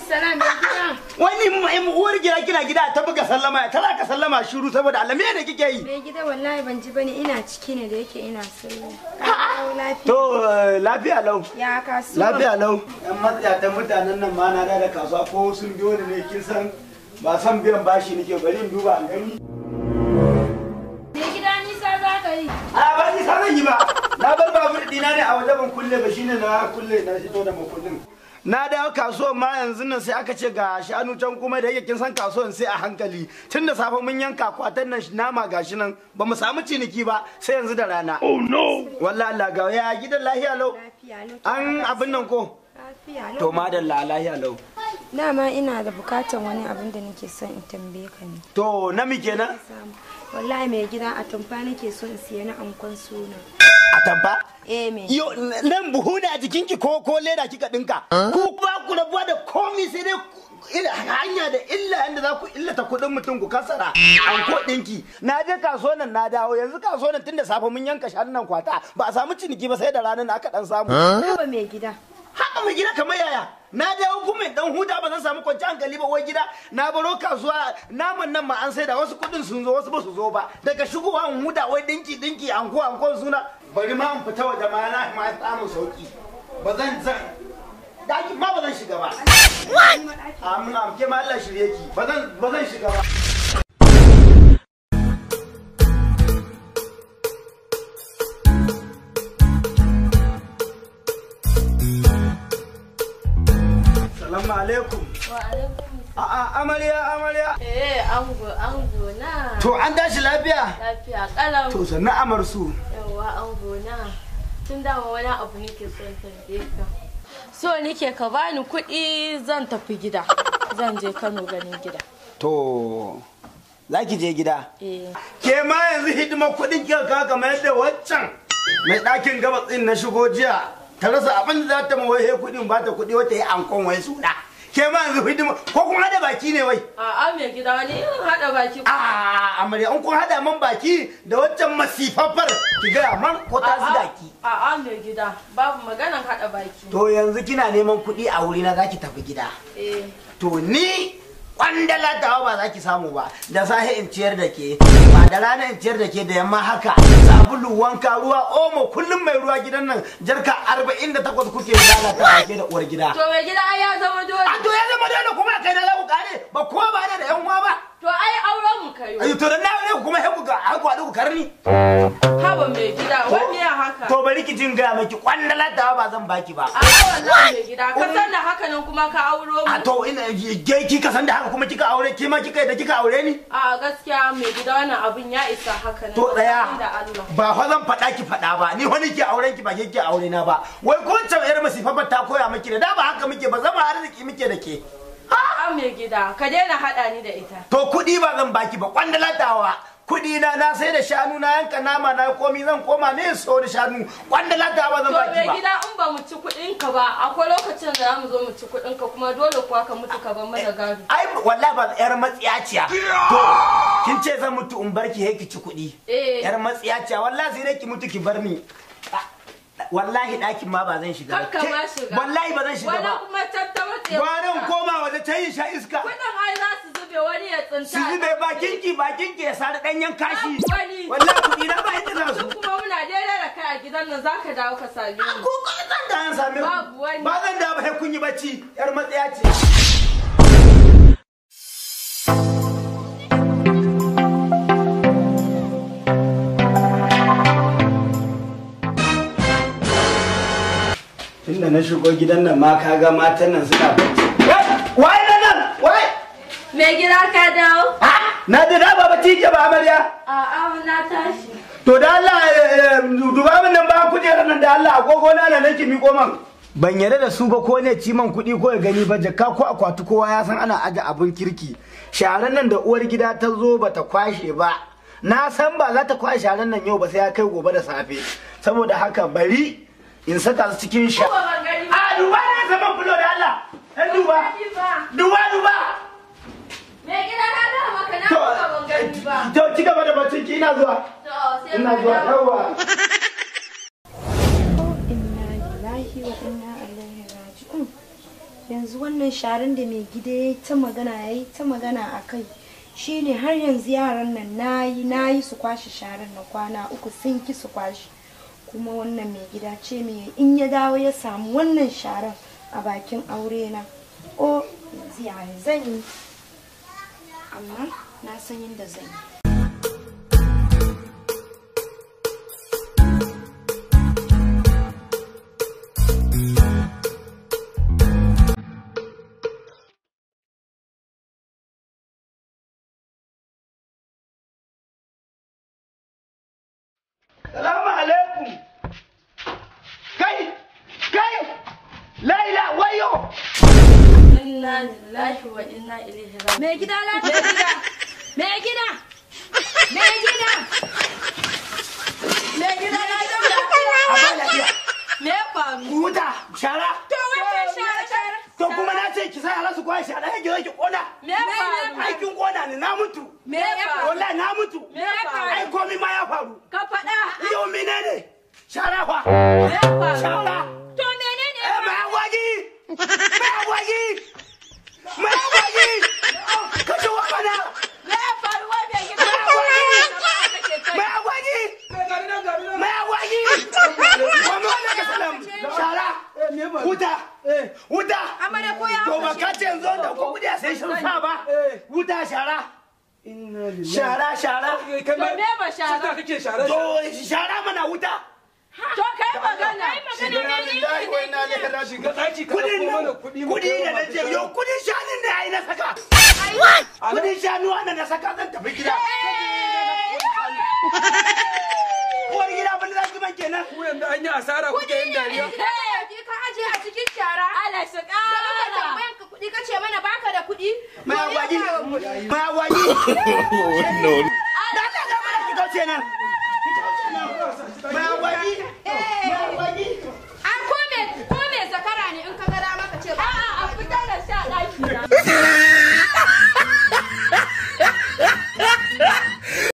salam Wani in uwar gida kina gida ta buga sallama ta za ka sallama shiru saboda Allah me ne kike yi? Me gida wallahi ban ji bane ina ciki ne da yake ina sallama. Ah, ah. To eh, lafiya lau. Ya kasuwa. Lafiya lau. Yan ta mutanen nan ma na da kasuwa ko sun biyo ni ne kin san ba san biyan bashi nake bari in duba an gani. Me gida nisa za ka yi? A ah, ba nisa zan yi ba. Na bar babur dina ne a waje ban kulle ba shine na kulle na to da makullin. na dawo kasuwan ma yanzu nan sai aka ce ga shanu can kuma da yake kin san kasuwan sai a hankali tun da safe mun yanka kwatan nan nama gashi nan ba mu samu ciniki ba sai yanzu da rana oh no wallahi Allah ga ya gidan lafiya lau an abin nan ko to madalla lafiya lau dama ina da bukatan wani abin da nake son in tambaye ka ne to na mi kenan wallahi mai gida a tamfa nake so in siya na ankon suna a tamfa Eh, Yo, nan buhu ne a jikinki ko ko leda kika dinka. Ku ba ku rabuwa da komi sai dai hanya da illa yadda za ku illata kuɗin mutum ku kasara an ko ɗinki na je kaso nan na dawo yanzu kaso nan tun da safe mun yanka shanun nan kwata ba a samu ciniki ba sai da ranar aka dan samu. Haba mai gida. haka mai gida kamar yaya. na dawo hukumin dan huta ba zan samu kwanci hankali ba wai gida na baro kasuwa naman nan ma an sai da wasu kudin sun zo wasu ba su zo ba daga shigowa an huta wai dinki dinki anko anko suna bari ma in fita waje ma na ma samu sauki ba zan zan daki ma ba zan shiga ba amma ke ma Allah shirye ki ba zan ba zan shiga ba Salamu alaikum. Wa alaikum. A'a amarya amarya. Eh ango ango na. To an tashi lafiya? Lafiya kalau. To sannan amarsu. yawwa an gona tun dama wani abu nake son tambaye ka so nike ka bani kuɗi zan tafi gida zan je kano ganin gida to za ki je gida eh. ke ma yanzu hidimar kuɗin kika ka kamar yadda waccan mai ɗakin gabas ɗin na shigo jiya ta rasa abin da za ta mawaye kuɗin ba ta kuɗi wata yi ankon wai suɗa ke ma yanzu hidima ko kun hada baki ne wai a'a me gida wani irin hada baki a'a amarya in kun hada man baki da waccan masifafar ki ga man ko ta zuga ki a'a me gida babu maganan hada baki to yanzu kina neman kuɗi a wuri na zaki tafi gida eh to ni kwandala tawa ba za ki samu ba da safe in ciyar da ke ba da rana in ciyar da ke da yamma haka sabulu wanka ruwa omo kullum mai ruwa gidan nan jarka 48 kuke lalata a ke da uwar gida to mai gida ai ya zama dole a to ya zama dole kuma kai da lau kare ba ko ba da da yan uwa ba to ai auren mu kayo ai to da na ne kuma he ku ga ku karni ha mai gida wani ya To bari ki jinga miki kwandalar da ba zan baki ba. A wallahi gida ka san da haka nan kuma ka auro mu. A to ina ge ki ka san da haka kuma kika aure ki ma kika da kika aure ni? A gaskiya mai gida wannan abun ya isa haka nan. To daya ba fa zan faɗa ki faɗa ba ni wani ki auren ki ba ki aure na ba. Wai ko wancan yar ba ta koya miki da da ba haka muke ba zama arziki muke da ke. A mai gida ka daina haɗa ni da ita. To kuɗi ba zan baki ba kwandala tawa. kudi na na sai da shanu na yanka nama na komi zan koma ne so da shanu wanda lata ba zan baki ba. To gida in ba mu ci kudin ka ba akwai lokacin da mu zo mu ci kudin ka kuma dole kuwa ka mutu ka ban mana gado. Eh, ai wallahi ba yar matsiyaciya. To kin ce zan mutu in barki he ki ci kuɗi. Eh. Yar matsiyaciya wallahi sai ki mutu ki bar ni. wallahi ɗakin ma ba zan shiga ba wallahi ba zan shiga ba wannan kuma tattawa ce wannan koma waje ta yin sha iska wannan ai za wuce wani ya tsinta su zube bakin ki bakin ki ya sari ɗanyen kashi ah, wani wallahi kuɗi na ba yadda za su kuma muna daidai da kai a gidan nan ka dawo ka same mu ko ko zan da an same mu babu wani ba zan da ba kun yi bacci yar matsaya ce Tunda na shigo gidan nan ma kaga matan nan suna bacci. Wai! Me gida ka dawo? Ah, na da da baba tike ba amarya. A'a na tashi. To da Allah eh, eh, duba min nan ba kujerar nan da Allah agogo na nan nake miko man. Ban yarda da su ba ko ne ci man kuɗi ko ya gani ba jakka ko akwati kowa ya san ana aje abin kirki. Sharan nan da uwar gida ta zo ba ta kwashe ba. Na san ba za ta kwashe sharan nan yau ba sai ya kai gobe da safe. Saboda haka bari in saka su cikin sha. A ah, duba ne zaman fulo da Allah. Eh, duba. Duba duba. ina zuwa ina zuwa yawa yanzu wannan sharan da mai gida ya ta magana ya yi ta magana a kai shine har yanzu yaran nan na yi su kwashe sharan na kwana uku sun ki su kwashe kuma wannan mai gida ce mai in ya dawo ya samu wannan sharan a bakin aure na o oh, yanzu yaya zan yi amma na san yadda zan yi inna lillahi wa inna ilaihi raji'un me gida la me gida me gida me gida me gida la da me faru huta shara to shara shara to kuma na ce ki sai ala su kwai me na mutu me wallahi na mutu me ai komai ma ya faru ka fada yau shara fa me shara shara shara shara me ba shara kake shara shara mana wuta to kai magana kai magana ne ne ne shiga mana kudi kudi da yo shanin ne ai na saka shanu wannan na saka zan tafi gida gida ban kenan ku an yi asara Oh, no. An ah, kome, kome zakara ne in ka ga dama ka ce ba. A'a, ah, a ah, fitar da sha ɗaki na.